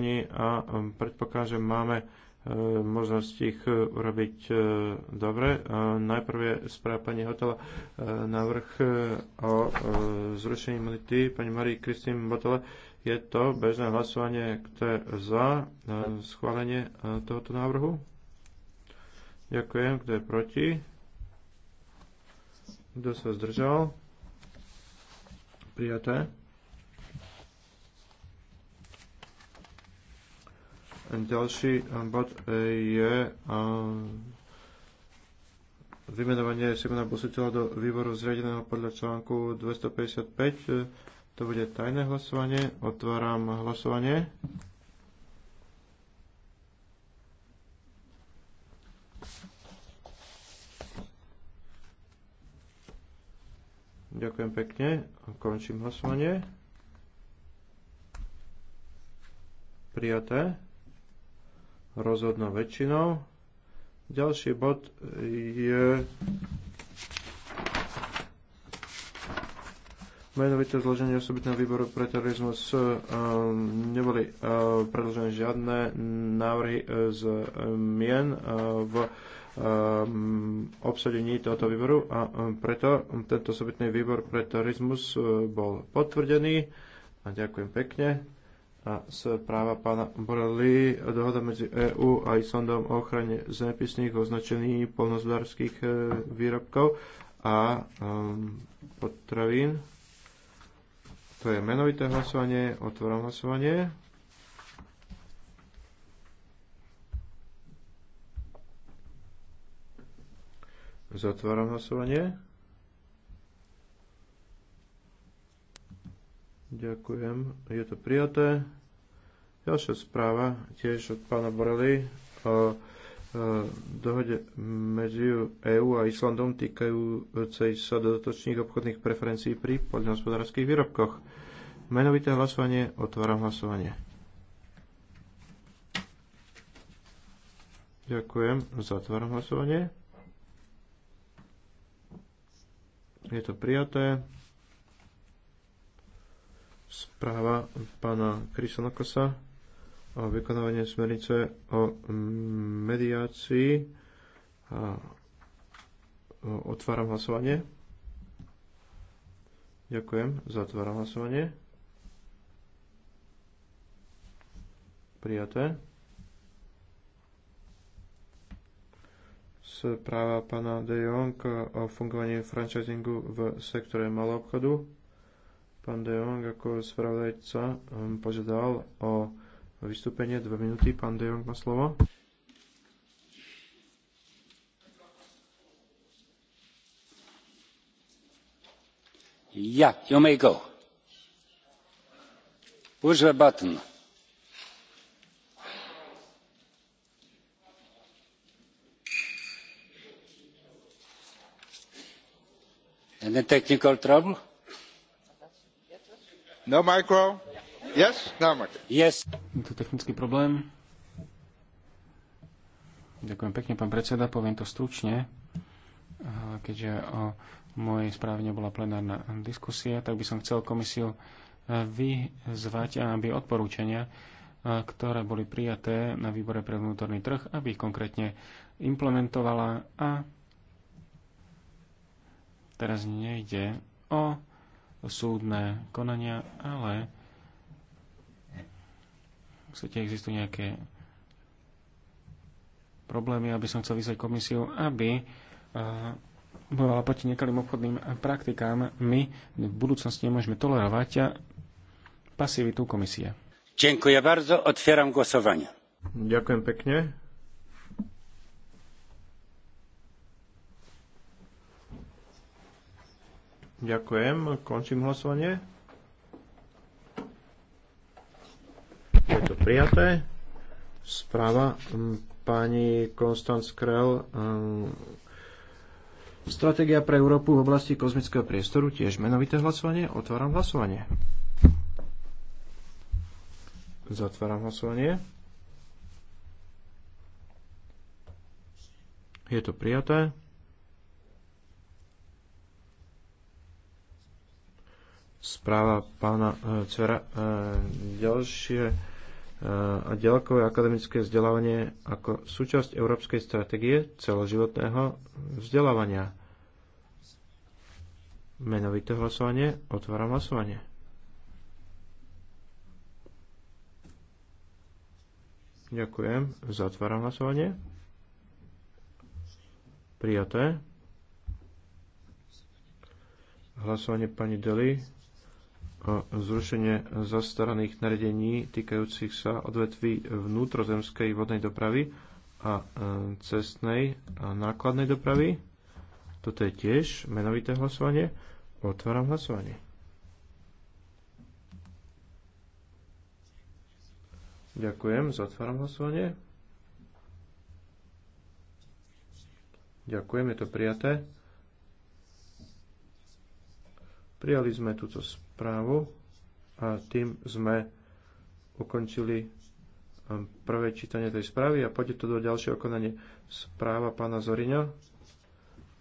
opatrení a um, predpokladám, že máme e, možnosť ich e, urobiť e, dobre. Najprv je správa pani Hotela návrh o zrušení imunity pani Marii Kristýn Botele. Je to bežné hlasovanie, kto je za schválenie tohoto návrhu? Ďakujem. Kto je proti? Kto sa zdržal? Prijaté. Ďalší e, bod e, je e, vymenovanie Simona Busutila do výboru zriadeného podľa článku 255. To bude tajné hlasovanie. Otváram hlasovanie. Ďakujem pekne. Končím hlasovanie. Prijaté rozhodnou väčšinou. Ďalší bod je menovité zloženie osobitného výboru pre terorizmus ehm, neboli ehm, predložené žiadne návrhy e, z e, mien e, v ehm, obsadení tohoto výboru a preto tento osobitný výbor pre terorizmus bol potvrdený a ďakujem pekne a práva pána Borelli, dohoda medzi EÚ a Islandom o ochrane zemepisných označení polnospodárských e, výrobkov a um, potravín. To je menovité hlasovanie, otváram hlasovanie. Zatváram hlasovanie. Ďakujem. Je to prijaté. Ďalšia správa, tiež od pána Borely, o, dohode medzi EÚ a Islandom týkajúcej sa dodatočných obchodných preferencií pri poľnohospodárských výrobkoch. Menovité hlasovanie, otváram hlasovanie. Ďakujem, zatváram hlasovanie. Je to prijaté správa pána Krysonokosa o vykonávanie smernice o mediácii. A otváram hlasovanie. Ďakujem. Zatváram hlasovanie. Prijaté. Správa pána De Jong o fungovaní franchisingu v sektore malého obchodu. Pán De Jong ako spravodajca um, požiadal o vystúpenie dve minúty. Pán De Jong má slovo. Yeah, you may go. Push the button. Any technical trouble? No micro? Yes? No micro. Yes. Je to technický problém. Ďakujem pekne, pán predseda. Poviem to stručne. Keďže o mojej správe nebola plenárna diskusia, tak by som chcel komisiu vyzvať, aby odporúčania, e, ktoré boli prijaté na výbore pre vnútorný trh, aby ich konkrétne implementovala a teraz nejde o súdne konania, ale v svete existujú nejaké problémy, aby som chcel vyzvať komisiu, aby eh, bojovala proti nekalým obchodným praktikám. My v budúcnosti nemôžeme tolerovať pasivitu komisie. Ďakujem bardzo, otvieram głosowanie. Ďakujem pekne. Ďakujem. Končím hlasovanie. Je to prijaté. Správa pani Konstanc Krell. Stratégia pre Európu v oblasti kozmického priestoru, tiež menovité hlasovanie. Otváram hlasovanie. Zatváram hlasovanie. Je to prijaté. správa pána e, Cvera. E, ďalšie e, a ďalkové akademické vzdelávanie ako súčasť európskej stratégie celoživotného vzdelávania. Menovité hlasovanie. Otváram hlasovanie. Ďakujem. Zatváram hlasovanie. Prijaté. Hlasovanie pani Deli zrušenie zastaraných naredení týkajúcich sa odvetví vnútrozemskej vodnej dopravy a e, cestnej a nákladnej dopravy. Toto je tiež menovité hlasovanie. Otváram hlasovanie. Ďakujem, zatváram hlasovanie. Ďakujem, je to prijaté. Prijali sme túto správu správu a tým sme ukončili um, prvé čítanie tej správy a poďte to do ďalšieho konania. Správa pána Zoriňa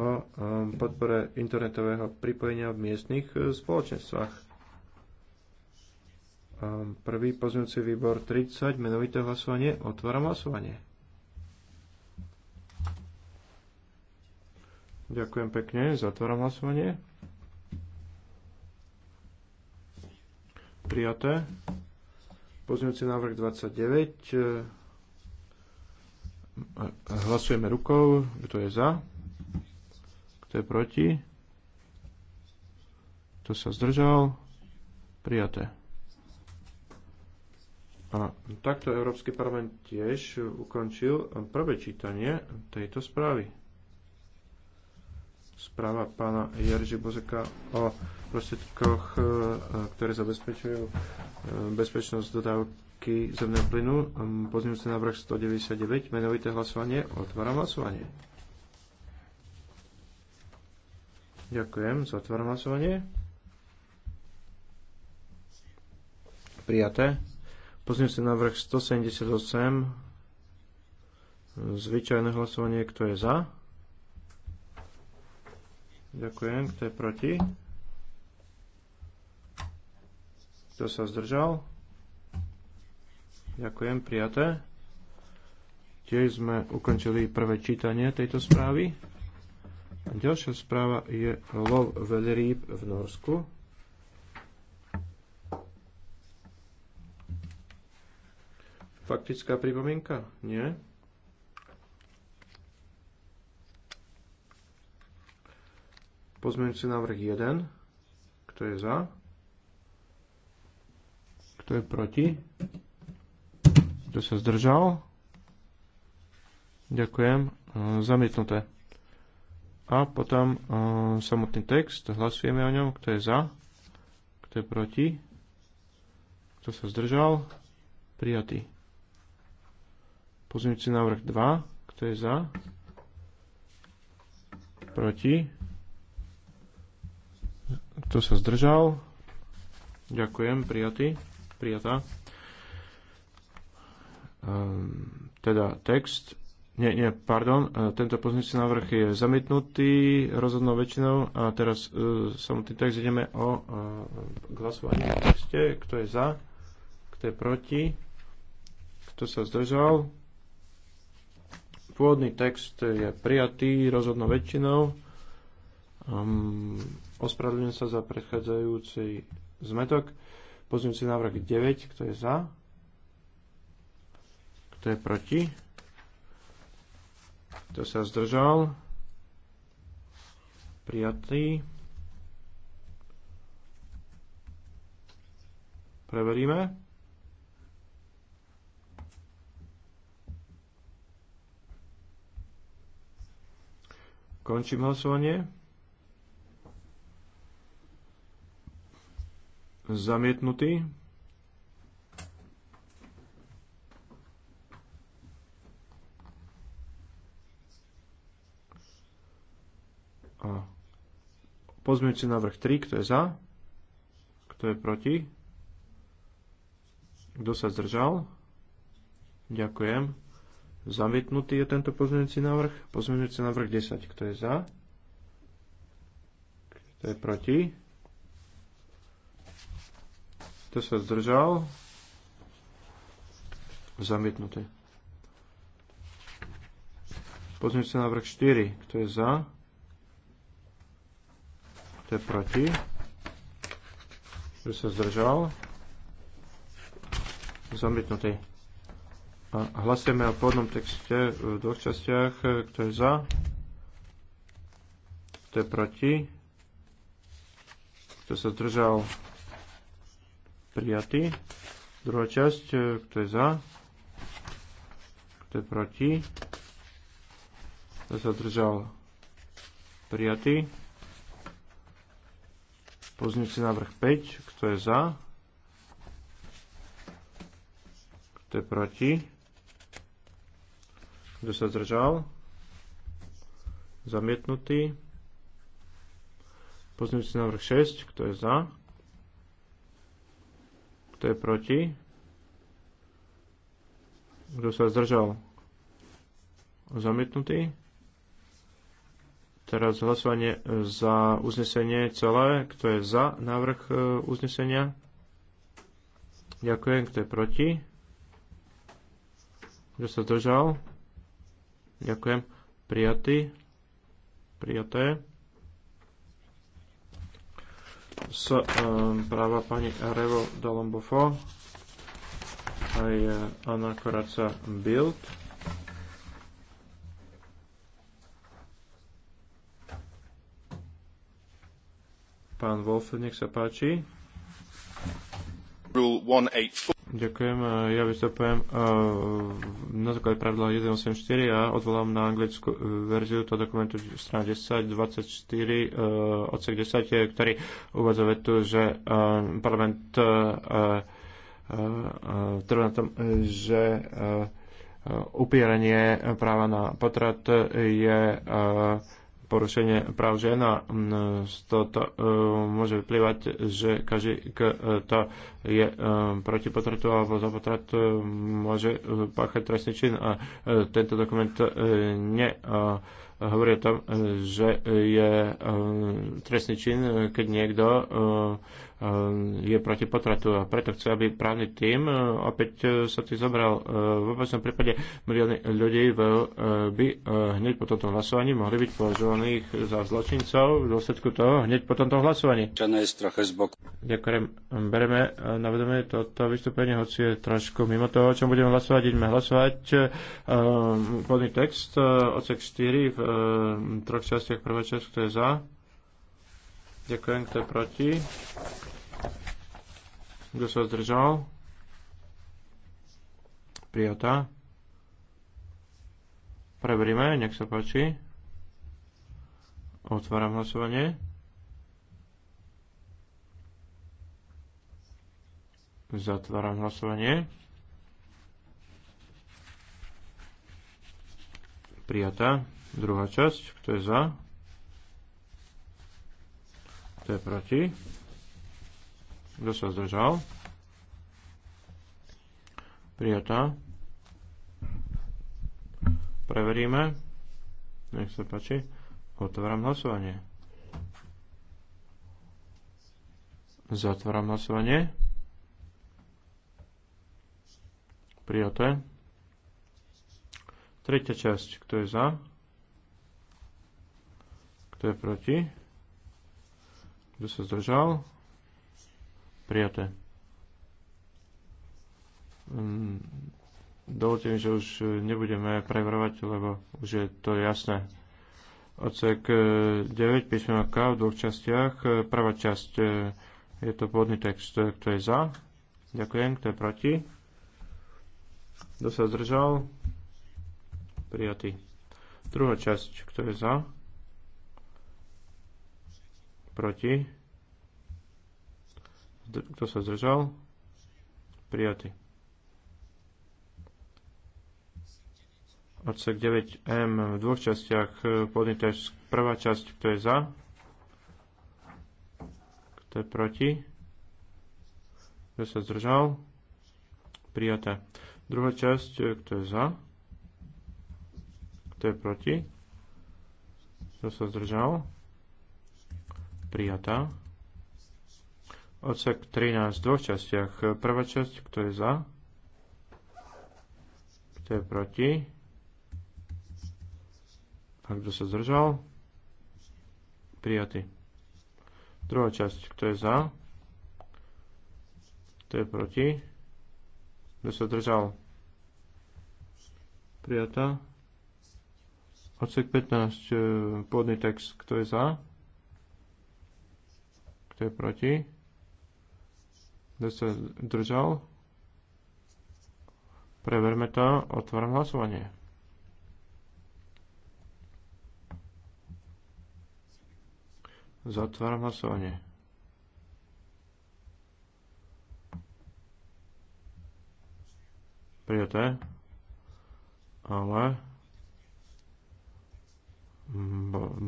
o um, podpore internetového pripojenia v miestnych uh, spoločenstvách. Um, prvý pozmeňujúci výbor 30, menovité hlasovanie, otváram hlasovanie. Ďakujem pekne, zatváram hlasovanie. prijaté. Pozňujúci návrh 29. E, hlasujeme rukou. Kto je za? Kto je proti? Kto sa zdržal? Prijaté. A takto Európsky parlament tiež ukončil prvé čítanie tejto správy správa pána Jerži Bozeka o prostriedkoch, e, ktoré zabezpečujú e, bezpečnosť dodávky zemného plynu. Pozňujúci návrh 199, menovité hlasovanie. Otváram hlasovanie. Ďakujem, zatváram hlasovanie. Prijaté. Pozňujúci návrh 178, zvyčajné hlasovanie, kto je za? Ďakujem. Kto je proti? Kto sa zdržal? Ďakujem, prijaté. Tiež sme ukončili prvé čítanie tejto správy. A ďalšia správa je lov veľrýb v Norsku. Faktická pripomienka? Nie. Pozmeňujúci návrh 1. Kto je za? Kto je proti? Kto sa zdržal? Ďakujem. Zamietnuté. A potom samotný text. Hlasujeme o ňom. Kto je za? Kto je proti? Kto sa zdržal? Prijatý. Pozmeňujúci návrh 2. Kto je za? Proti? Kto sa zdržal? Ďakujem, prijatý. Prijatá. Um, teda text. Nie, nie, pardon. Ehm, tento pozmeňujúci návrh je zamietnutý rozhodnou väčšinou a teraz uh, samotný text ideme o uh, e, hlasovaní v texte. Kto je za? Kto je proti? Kto sa zdržal? Pôvodný text je prijatý rozhodnou väčšinou. Um, ospravedlňujem sa za predchádzajúci zmetok. si návrh 9, kto je za? Kto je proti? Kto sa zdržal? Prijatý. Preveríme. Končím hlasovanie. Zamietnutý. A pozmeňujúci návrh 3, kto je za? Kto je proti? Kto sa zdržal? Ďakujem. Zamietnutý je tento pozmeňujúci návrh. Pozmeňujúci návrh 10. Kto je za? Kto je proti? Kto sa zdržal? Zamietnuté. na vrch 4. Kto je za? Kto je proti? Kto sa zdržal? Zamietnutý. A hlasujeme o pôvodnom texte v dvoch častiach. Kto je za? Kto je proti? Kto sa zdržal? prijatý. Druhá časť, e, kto je za, kto je proti, kto sa držal prijatý. si návrh 5, kto je za, kto je proti, kto sa zdržal, zamietnutý. si návrh 6, kto je za, kto je proti? Kto sa zdržal? Zamietnutý. Teraz hlasovanie za uznesenie celé. Kto je za návrh e, uznesenia? Ďakujem. Kto je proti? Kto sa zdržal? Ďakujem. Prijatý. Prijaté z um, eh, práva pani Revo Dalombofo aj eh, Anna Koraca Bild. Pán Wolf, nech sa páči. Ďakujem, e, ja vystupujem e, na základe pravidla 184 a odvolám na anglickú e, verziu toho dokumentu strana 10, 24, odsek 10, ktorý uvádza vetu, že parlament trvá na tom, že upieranie práva na potrat je porušenie práv žien a toho e, môže vyplývať, že každý, kto je e, proti potratu alebo za potrat, e, môže páchať trestný čin a tento dokument ne hovorí o tom, e, že je e, trestný čin, e, keď niekto je proti potratu a preto chce, aby právny tým, opäť sa tým zobral. V obecnom prípade milióny ľudí by hneď po tomto hlasovaní mohli byť považovaných za zločincov v dôsledku toho hneď po tomto hlasovaní. Ďakujem. Bereme na vedomie toto vystúpenie, hoci je trošku mimo toho, o čom budeme hlasovať. Ideme hlasovať. Podný text, odsek 4 v Ehm, troch častiach. Prvá časť, kto je za? Ďakujem, kto je proti? Kto sa zdržal? Prijatá. Preberíme, nech sa páči. Otváram hlasovanie. Zatváram hlasovanie. Prijatá. Druhá časť. Kto je za? Kto je proti? Kto sa zdržal? Prijatá. Preveríme. Nech sa páči. Otváram hlasovanie. Zatváram hlasovanie. Prijaté. Tretia časť, kto je za? Kto je proti? Kto sa zdržal? Prijaté. Mm, dovolte mi, že už nebudeme prevrvať, lebo už je to jasné. Odsek 9 e, písmena K v dvoch častiach. E, prvá časť e, je to pôvodný text, kto je za. Ďakujem, kto je proti. Kto sa zdržal? prijatý. Druhá časť, kto je za? Proti? Kto sa zdržal? Prijatý. Odsek 9M v dvoch častiach podnitá prvá časť, kto je za? Kto je proti? Kto sa zdržal? Prijaté. Druhá časť, kto je za? Kto je proti? Kto sa zdržal? Prijatá. Odsek 13 v dvoch častiach. Prvá časť, kto je za? Kto je proti? A kto sa zdržal? Prijatý. Druhá časť, kto je za? Kto je proti? Kto sa zdržal? Prijatá. Odsek 15, e, pôvodný text, kto je za? Kto je proti? Kto sa držal? Preverme to, otváram hlasovanie. Zatváram hlasovanie. Prijaté. Ale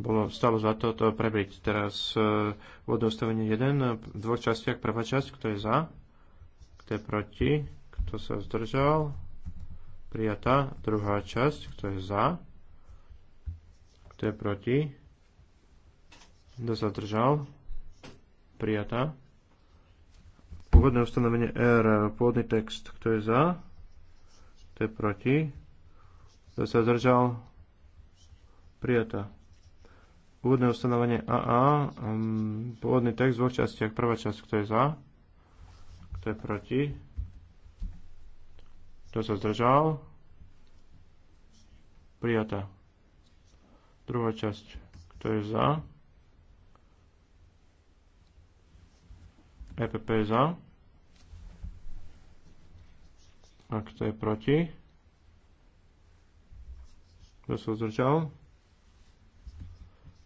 bolo, stalo za to to prebriť. Teraz e, v odnostavení 1 v dvoch častiach. Prvá časť, kto je za, kto je proti, kto sa zdržal, prijatá. Druhá časť, kto je za, kto je proti, kto sa zdržal, prijatá. Pôvodné ustanovenie R, pôvodný text, kto je za, kto je proti, kto sa zdržal, prijatá. Úvodné ustanovenie AA, um, pôvodný text v dvoch častiach. Prvá časť, kto je za, kto je proti, kto sa zdržal, prijatá. Druhá časť, kto je za, EPP je za, a kto je proti, kto sa zdržal,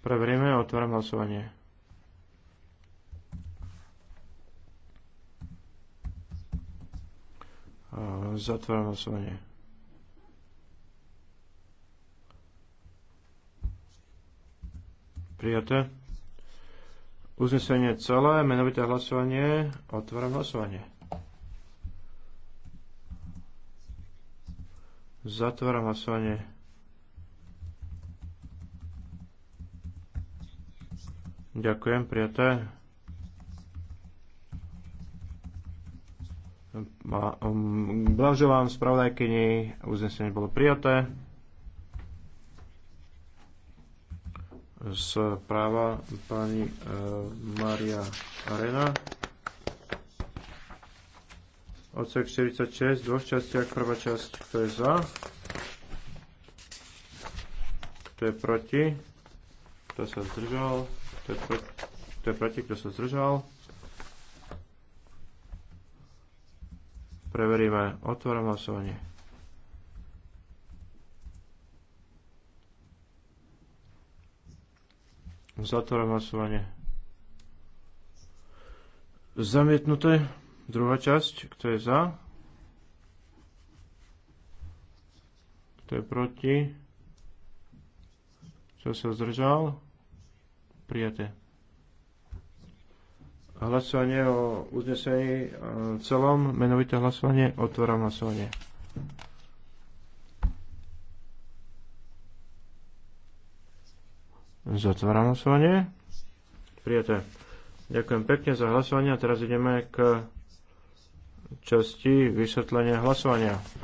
Preveríme, otváram hlasovanie. Zatváram hlasovanie. Prijaté. Uznesenie celé, menovité hlasovanie. Otváram hlasovanie. Zatváram hlasovanie. Ďakujem, prijaté. Um, blahoželám spravodajkyni, uznesenie bolo prijaté. Správa pani e, Maria Arena. Odsek 46, dvoch častiach, prvá časť, kto je za, kto je proti, kto sa zdržal. Kto je, pre, to je proti? Kto sa zdržal? Preveríme. Otváram hlasovanie. Zatváram hlasovanie. Zamietnuté. Druhá časť. Kto je za? Kto je proti? Kto sa zdržal? Prijaté. Hlasovanie o uznesení e, celom, menovité hlasovanie, otváram hlasovanie. Zatváram hlasovanie. Prijaté. Ďakujem pekne za hlasovanie a teraz ideme k časti vysvetlenia hlasovania.